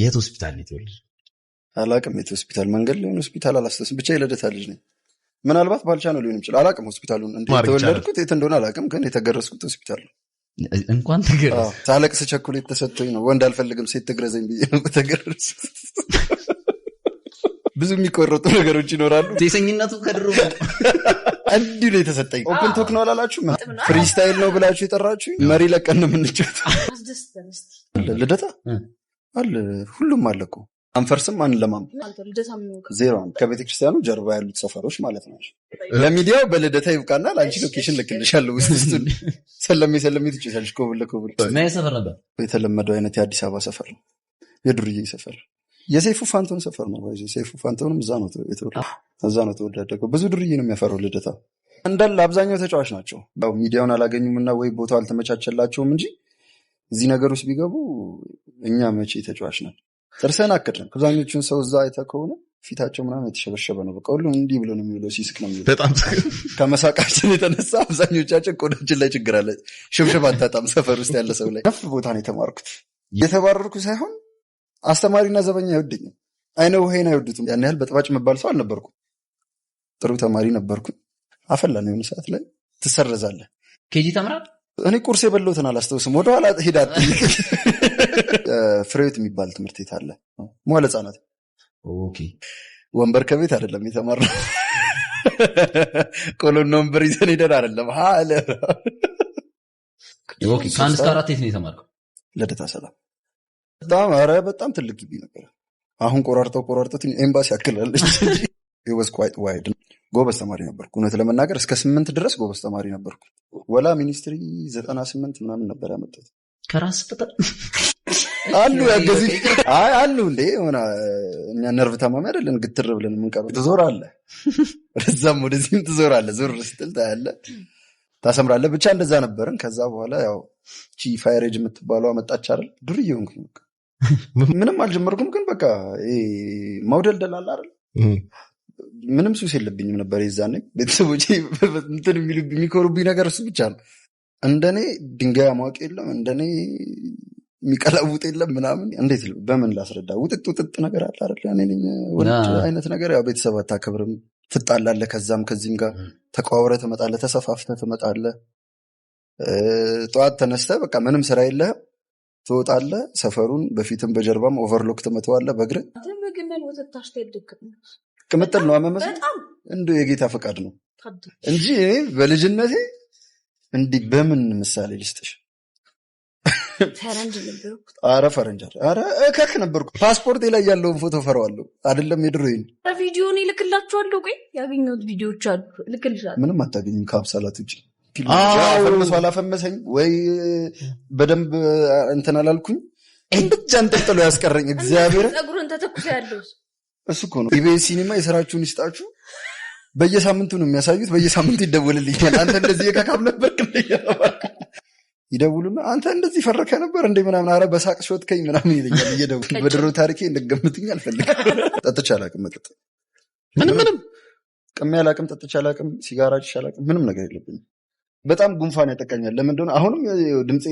የት ሆስፒታል ነው የተወለድሽው? አላቅም። የት ሆስፒታል መንገድ ሊሆን ሆስፒታል አላስተስም። ብቻ የልደታ ልጅ ነኝ። ምናልባት ባልቻ ነው ሊሆን ይችላል። አላቅም። ሆስፒታሉን የተወለድኩት የት እንደሆነ አላቅም፣ ግን የተገረዝኩት ሆስፒታል ነው። እንኳን ተገረዝ ሳለቅስ ቸኮሌት ተሰጥቶኝ ነው። ወንድ አልፈልግም ሴት ትግረዘኝ ብዬ ነው ተገረዝኩት። ብዙ የሚቆረጡ ነገሮች ይኖራሉ። ሴሰኝነቱ ከድሮ እንዲሁ ነው የተሰጠኝ። ኦፕን ቶክ ነው አላላችሁ፣ ፍሪስታይል ነው ብላችሁ የጠራችሁ መሪ ለቀን ነው የምንጫወት። ልደታ አለ፣ ሁሉም አለ እኮ አንፈርስም፣ አንለማም። ዜሮ ክርስቲያኑ ጀርባ ያሉት ሰፈሮች ማለት ነው ለሚዲያው በልደታ ይብቃና ለአንቺ ሎኬሽን ልክልሻለ ውስጡን ሰለሜ ሰለሜ ትጭሳለች። ኮብል ለኮብል የተለመደው አይነት የአዲስ አበባ ሰፈር የዱርዬ ሰፈር የሴፉ ፋንቶን ሰፈር ነው። ሴፉ ፋንታውንም እዛ ነው እዛ ነው ተወዳደገው። ብዙ ድርዬ ነው የሚያፈራው ልደታ እንዳለ አብዛኛው ተጫዋች ናቸው። ያው ሚዲያውን አላገኙም እና ወይ ቦታው አልተመቻቸላቸውም እንጂ እዚህ ነገር ውስጥ ቢገቡ እኛ መቼ ተጫዋች ነን ጥርሰን አክድን። አብዛኞቹን ሰው እዛ አይተ ከሆነ ፊታቸው ምናምን የተሸበሸበ ነው። በቃ ሁሉም እንዲህ ብሎ ነው የሚውለው፣ ሲስቅ ነው የሚውለው። በጣም ከመሳቃችን የተነሳ አብዛኞቻችን ቆዳችን ላይ ችግር አለ። ሽብሽብ አታጣም ሰፈር ውስጥ ያለ ሰው ላይ ነፍ ቦታ ነው የተማርኩት እየተባረርኩ ሳይሆን አስተማሪና ዘበኛ አይወደኝም። አይነ ውሄን አይወዱትም። ያን ያህል በጥባጭ መባል ሰው አልነበርኩም። ጥሩ ተማሪ ነበርኩኝ። አፈላ ነው የሆነ ሰዓት ላይ ትሰረዛለህ። ኬጂ ተምራል። እኔ ቁርስ የበለውትን አላስተውስም። ወደኋላ ሄዳ ፍሬዎት የሚባል ትምህርት ቤት አለ፣ መዋለ ሕጻናት። ወንበር ከቤት አይደለም የተማርነው። ቆሎን ወንበር ይዘን ሄደን አይደለም አለ። ከአንድ እስከ አራት የት ነው የተማርከው? ልደታ ሰላም በጣም ኧረ በጣም ትልቅ ግቢ ነበር። አሁን ቆራርጠው ቆራርጠው ኤምባሲ ያክላለች። ወዝ ኳይት ዋይድ ጎበዝ ተማሪ ነበርኩ። እውነት ለመናገር እስከ ስምንት ድረስ ጎበዝ ተማሪ ነበርኩ። ወላ ሚኒስትሪ ዘጠና ስምንት ምናምን ነበር ያመጣት ከራስ አሉ ያገዚ አይ አሉ እንዴ ሆነ እኛ ነርቭ ታማሚ አይደለን፣ ግትር ብለን የምንቀረው አለ ወደዛም ወደዚህም ትዞር አለ ዞር ስትል ታያለ ታሰምራለ ብቻ እንደዛ ነበርን። ከዛ በኋላ ያው ቺ ፋይሬጅ የምትባለው አመጣች አይደል፣ ዱርዬ ሆንኩኝ ምንም አልጀመርኩም፣ ግን በቃ ማውደልደል አለ አይደል? ምንም ሱስ የለብኝም ነበር የዛኔ። ቤተሰቦቼ እንትን የሚኮሩብኝ ነገር እሱ ብቻ ነው። እንደኔ ድንጋይ ማወቅ የለም እንደኔ የሚቀላውጥ የለም ምናምን። እንዴት በምን ላስረዳ? ውጥጥ ውጥጥ ነገር አለ አይደል? ወንድ አይነት ነገር ያው ቤተሰብ አታከብርም፣ ትጣላለህ፣ ከዛም ከዚህም ጋር ተቋውረህ ትመጣለህ፣ ተሰፋፍተህ ትመጣለህ። ጠዋት ተነስተህ በቃ ምንም ስራ የለህም ትወጣለ ሰፈሩን በፊትም በጀርባም ኦቨርሎክ ትመተዋለህ። በእግር ቅምጥል ነው አመመስ እንደ የጌታ ፈቃድ ነው እንጂ በልጅነቴ እንዲህ በምን ምሳሌ ልስጥሽ? አረ ፈረንጅ አረ እከክ ነበርኩ። ፓስፖርቴ ላይ ያለውን ፎቶ ፈረዋለሁ። አይደለም የድሮ ቪዲዮ እልክላችኋለሁ። ቆይ ያገኘሁት ቪዲዮዎች አሉ፣ እልክልሻለሁ። ምንም አታገኝም ከአብሳላት ውጭ ፊልም ፈመሰው አላፈመሰኝ ወይ በደንብ እንትን አላልኩኝ ብቻ እንጠልጥሎ ያስቀረኝ እግዚአብሔር ጸጉሩን ተተኩሶ ያለው እሱ እኮ ነው። ኢቢኤስ ሲኒማ የስራችሁን ይስጣችሁ። በየሳምንቱ ነው የሚያሳዩት። በየሳምንቱ ይደውልልኛል። አንተ እንደዚህ የካካብ ነበር ይደውሉና አንተ እንደዚህ ፈረከ ነበር እንደ ምናምን አረ በሳቅ ሾትከኝ ምናምን ይለኛል እየደውል በድሮ ታሪኬ እንደገምትኝ አልፈልግም። ጠጥቼ አላቅም። መጠጥ ምንም ምንም ቅሜ አላቅም። ጠጥቼ አላቅም። ሲጋራ ጭሼ አላቅም። ምንም ነገር የለብኝም። በጣም ጉንፋን ያጠቃኛል። ለምን እንደሆነ አሁንም ድምፄ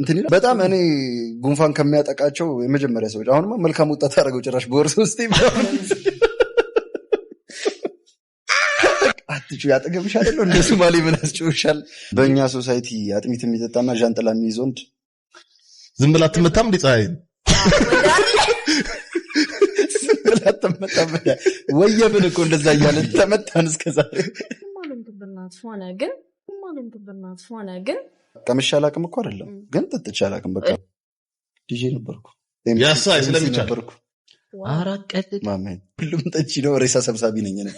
እንትን ይላል። በጣም እኔ ጉንፋን ከሚያጠቃቸው የመጀመሪያ ሰዎች አሁንማ መልካም ወጣት ያደረገው ጭራሽ በወር ውስጥ አትጩ ያጠገብሽ አይደለ እንደ ሱማሌ ምን ያስጭውሻል? በእኛ ሶሳይቲ አጥሚት የሚጠጣና ዣንጥላ የሚይዝ ወንድ ዝም ብላ አትመታም እንዴ? ፀሐይ ዝም ብላ ወየብን እኮ እንደዛ እያለን ተመታን እስከዛሬ ግን ልምድብናት ሆነ ግን ቀምሼ አላቅም እኮ አይደለም ግን ጠጥቼ አላቅም። በቃ ዲጄ ነበርኩ ነበርኩ ሁሉም ጠጪ ነው። ሬሳ ሰብሳቢ ነኝ። ነ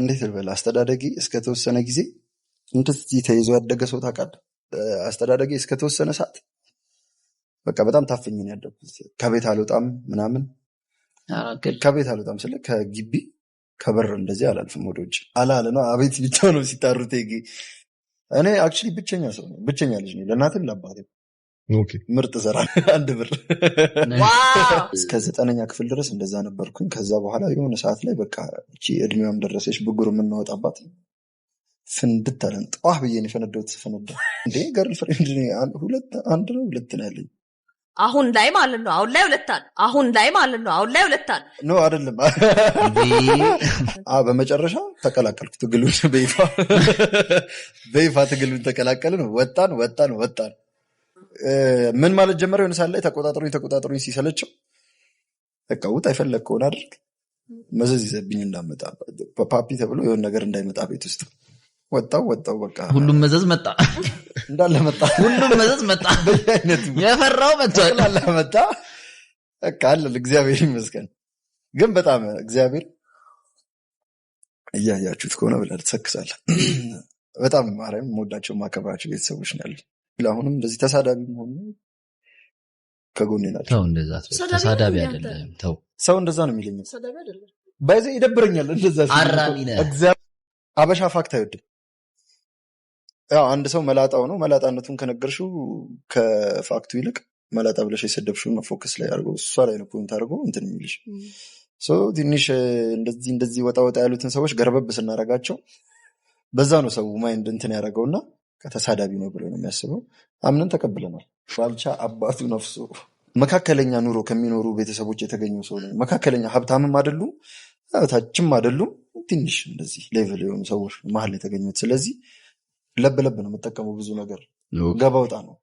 እንዴት ልበል? አስተዳደጊ እስከተወሰነ ጊዜ እንደዚህ ተይዞ ያደገ ሰው ታቃል አስተዳደጊ እስከተወሰነ ሰዓት በቃ በጣም ታፍኝ ነው ያደኩት። ከቤት አልወጣም ምናምን፣ ከቤት አልወጣም ስለ ከግቢ ከበር እንደዚህ አላልፍም። ወደ ውጭ አላለ ነው አቤት ብቻ ነው ሲጣሩት እኔ አክቹሊ ብቸኛ ሰው ብቸኛ ልጅ ነው። ለእናትም ለአባትም ምርጥ ዘራ አንድ ብር እስከ ዘጠነኛ ክፍል ድረስ እንደዛ ነበርኩኝ። ከዛ በኋላ የሆነ ሰዓት ላይ በቃ እቺ እድሜዋም ደረሰች ብጉር የምናወጣባት ፍንድት አለን። ጠዋህ ብዬን ነው ፍንዳ እንዴ ገርል ፍሬንድ ሁለት አንድ ነው ሁለት ነው ያለኝ አሁን ላይ ማለት ነው። አሁን ላይ ሁለት አለ። አሁን ላይ ማለት ነው። አሁን ላይ ሁለት አለ። ኖ አይደለም። በመጨረሻ ተቀላቀልኩ ትግሉን በይፋ በይፋ ትግሉን ተቀላቀልን። ወጣን ወጣን ወጣን። ምን ማለት ጀመረ? የሆነ ላይ ተቆጣጥሮኝ ተቆጣጥሮኝ ሲሰለቸው በቃ ውጣ፣ የፈለግከውን አድርግ፣ መዘዝ ይዘብኝ እንዳመጣ ፓፒ ተብሎ የሆን ነገር እንዳይመጣ ቤት ውስጥ ወጣው ወጣው በቃ ሁሉም መዘዝ መጣ፣ እንዳለ መጣ። ሁሉም መዘዝ መጣ፣ በየአይነት የፈራው መጣ፣ ጠቅላላ መጣ። በቃ አለ እግዚአብሔር ይመስገን። ግን በጣም እግዚአብሔር እያያችሁት ከሆነ ብላ ትሰክሳለ። በጣም ማርያም የምወዳቸው ማከብራቸው ቤተሰቦች ነው አሁንም እንደዚህ ተሳዳቢ መሆኑ ከጎኔ ናቸው። ተሳዳቢ አይደለም ተው። ሰው እንደዛ ነው የሚለኝ። ይደብረኛል። እንደዛ አበሻ ፋክት አይወድም አንድ ሰው መላጣው ነው መላጣነቱን ከነገርሽው ከፋክቱ ይልቅ መላጣ ብለሽ የሰደብሽውን ነው ፎከስ ላይ አርገው እሷ ላይ ነው ፖይንት አድርገው እንትን የሚልሽ ትንሽ እንደዚህ እንደዚህ ወጣ ወጣ ያሉትን ሰዎች ገርበብ ስናረጋቸው በዛ ነው ሰው ማይንድ እንትን ያደረገውና ከተሳዳቢ ነው ብሎ ነው የሚያስበው። አምነን ተቀብለናል። ባልቻ አባቱ ነፍሶ መካከለኛ ኑሮ ከሚኖሩ ቤተሰቦች የተገኙ ሰው ነው። መካከለኛ ሀብታምም አይደሉም፣ ታችም አደሉም ትንሽ እንደዚህ ሌቭል የሆኑ ሰዎች መሀል የተገኙት ስለዚህ ለብ ለብ ነው የምጠቀመው። ብዙ ነገር ገባ ወጣ ነው።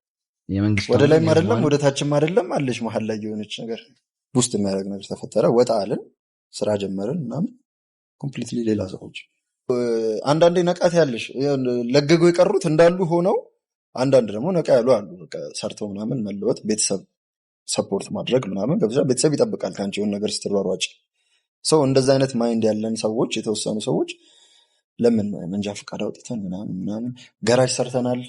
ወደ ላይ አደለም ወደ ታችም አደለም አለች መሀል ላይ የሆነች ነገር ውስጥ የሚያደረግ ነገር ተፈጠረ። ወጣ አለን ስራ ጀመርን ምናምን ኮምፕሊትሊ ሌላ ሰዎች። አንዳንዴ ነቃት ያለሽ ለገጎ የቀሩት እንዳሉ ሆነው፣ አንዳንድ ደግሞ ነቃ ያሉ አሉ። ሰርተው ምናምን መለወጥ፣ ቤተሰብ ሰፖርት ማድረግ ምናምን በብዛ ቤተሰብ ይጠብቃል ከአንቺ የሆን ነገር ስትሯሯጭ ሰው እንደዚ አይነት ማይንድ ያለን ሰዎች የተወሰኑ ሰዎች ለምን መንጃ ፈቃድ አውጥተን ምናምን ምናምን ገራጅ ሰርተናል፣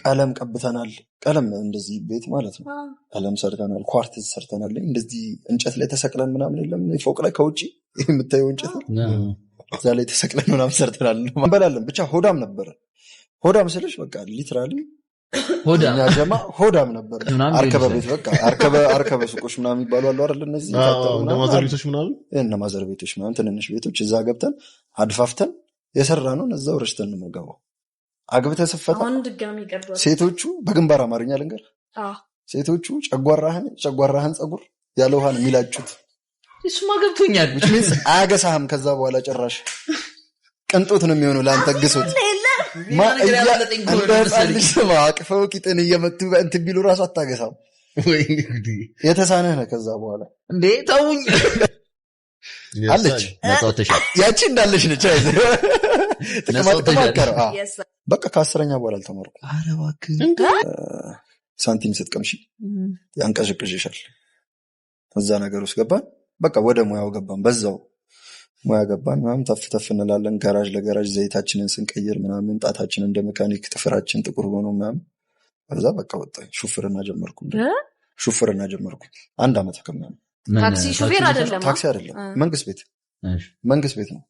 ቀለም ቀብተናል። ቀለም እንደዚህ ቤት ማለት ነው። ቀለም ሰርተናል፣ ኳርትዝ ሰርተናል። እንደዚህ እንጨት ላይ ተሰቅለን ምናምን የለም ፎቅ ላይ ከውጭ የምታየው እንጨት እዛ ላይ ተሰቅለን ምናምን ሰርተናል። እንበላለን ብቻ ሆዳም ነበረ። ሆዳም ስልሽ በቃ ሊትራሊ ሆዳ ጀማ ሆዳም ነበር። አርከበ ቤት በቃ አርከበ አርከበ ሱቆች ምናምን ይባሉ አሉ አይደል? እነዚህ ማዘር ቤቶች ምናምን ትንንሽ ቤቶች እዛ ገብተን አድፋፍተን የሰራነውን እዛው ረሽተን ነው አግብተ አግብተህ ሴቶቹ በግንባር አማርኛ ልንገር፣ ሴቶቹ ጨጓራህን ጨጓራህን ፀጉር ያለ ውሃ ነው የሚላጩት። እሱማ ገብቶኛል። አያገሳህም ከዛ በኋላ ጭራሽ ቅንጦት ነው የሚሆነው ለአንተ ግሶት እንደልጅማ አቅፈው ቂጥን እየመቱ በእንት ቢሉ ራሱ አታገሳም። የተሳነህ ነህ ከዛ በኋላ እንዴ ተውኝ። አለች ያቺ እንዳለች ነች። ጥቅማጥቅማከረ በቃ ከአስረኛ በኋላ አልተማርኩ። ሳንቲም ስትቀምሺ ያንቀሽቅሽሻል እዛ ነገር ውስጥ ገባን። በቃ ወደ ሙያው ገባን። በዛው ሙያ ገባን። ምናምን ተፍ ተፍ እንላለን። ጋራጅ ለጋራጅ ዘይታችንን ስንቀይር ምናምን ጣታችን እንደ መካኒክ ጥፍራችን ጥቁር ሆኖ ምናምን በዛ በቃ ወጣ ሹፍርና ጀመርኩ። ሹፍርና ጀመርኩ አንድ አመት ከምናምን ታክሲ ሹፌር አይደለም፣ ታክሲ አይደለም፣ መንግስት ቤት መንግስት ቤት ነው።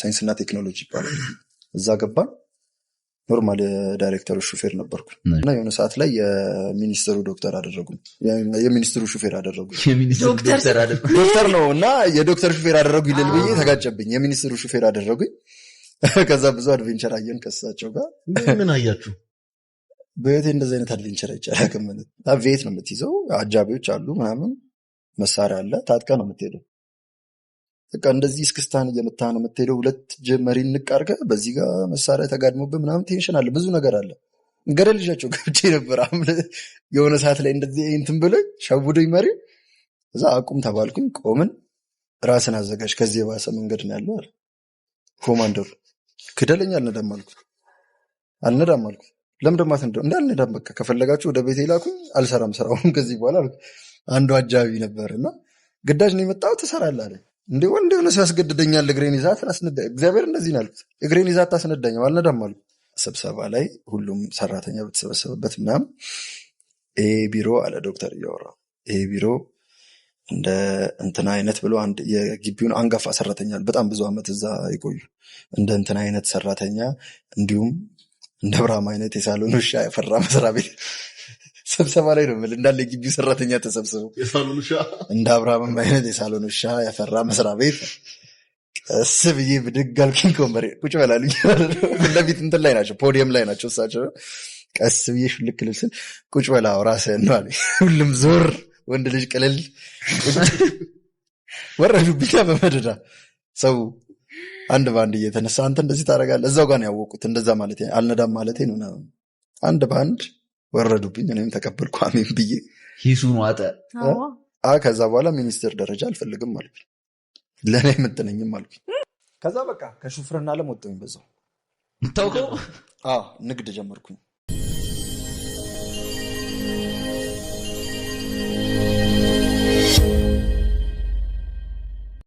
ሳይንስና ቴክኖሎጂ ይባላል። እዛ ገባን። ኖርማል የዳይሬክተሩ ሹፌር ነበርኩ እና የሆነ ሰዓት ላይ የሚኒስትሩ ዶክተር አደረጉም። የሚኒስትሩ ሹፌር አደረጉ። ዶክተር ነው እና የዶክተር ሹፌር አደረጉ ይልል ብዬ ተጋጨብኝ። የሚኒስትሩ ሹፌር አደረጉኝ። ከዛ ብዙ አድቬንቸር አየን ከሳቸው ጋር። ምን አያችሁ? በቤቴ እንደዚህ አይነት አድቬንቸር አይቻልም። ቤት ነው የምትይዘው፣ አጃቢዎች አሉ ምናምን መሳሪያ አለ። ታጥቃ ነው የምትሄደው። በቃ እንደዚህ እስክስታን እየመታ ነው የምትሄደው። ሁለት ጀመሪ ንቅ በዚህ ጋር መሳሪያ ተጋድሞብህ ምናምን ቴንሽን አለ፣ ብዙ ነገር አለ። ገደ ልጃቸው ገብቼ ነበር የሆነ ሰዓት ላይ እንደዚህ እንትን ብለ ሸውዶኝ መሪ እዛ አቁም ተባልኩኝ። ቆምን። ራስን አዘጋጅ፣ ከዚህ የባሰ መንገድ ነው ያለው አለ ኮማንደሩ። ክደለኝ አልነዳም አልኩት። አልነዳም አልኩት። ለምን እንደ እንዳልነዳም በቃ ከፈለጋችሁ ወደ ቤት ይላኩኝ፣ አልሰራም ስራውን ከዚህ በኋላ አንዱ አጃቢ ነበር እና ግዳጅ ነው የመጣው ትሰራለህ አለ። እንዲ ወንድ ሆነ ሲያስገድደኛል እግሬን ይዛት አስነዳ። እግዚአብሔር እንደዚህ ነው ያልኩት። እግሬን ይዛት አስነዳኝ። አልነዳም አሉ። ስብሰባ ላይ ሁሉም ሰራተኛ በተሰበሰበበት ምናምን ይሄ ቢሮ አለ ዶክተር እያወራ ይሄ ቢሮ እንደ እንትን አይነት ብሎ አንድ የግቢውን አንጋፋ ሰራተኛ በጣም ብዙ ዓመት እዛ ይቆዩ እንደ እንትን አይነት ሰራተኛ እንዲሁም እንደ ብርሃም አይነት የሳሎን ውሻ ያፈራ መስሪያ ቤት ስብሰባ ላይ ነው እንዳለ የግቢው ሰራተኛ ተሰብስበው የሳሎን ውሻ እንደ አብርሃም አይነት የሳሎን ውሻ ያፈራ መስሪያ ቤት ቀስ ብዬ ብድግ አልኩኝ። ከወንበሬ ቁጭ በላሉ ለፊት እንትን ላይ ናቸው፣ ፖዲየም ላይ ናቸው እሳቸው። ቀስ ብዬ ሹልክ ልብስን ቁጭ በላው ራስህን ነው አሉኝ። ሁሉም ዞር ወንድ ልጅ ቅልል ወረዱ ወረዱብኛ በመደዳ ሰው አንድ በአንድ እየተነሳ አንተ እንደዚህ ታደርጋለህ። እዛው ጋር ነው ያወቁት። እንደዛ ማለት አልነዳም ማለት ነው። አንድ በአንድ ወረዱብኝ። እኔም ተቀበልኩ አሜን ብዬ ሂሱን ዋጠ። ከዛ በኋላ ሚኒስትር ደረጃ አልፈልግም አልኩኝ። ለእኔ የምትነኝም አልኩኝ። ከዛ በቃ ከሹፍርና አለም ወጣሁኝ። በዛው ንግድ ጀመርኩኝ።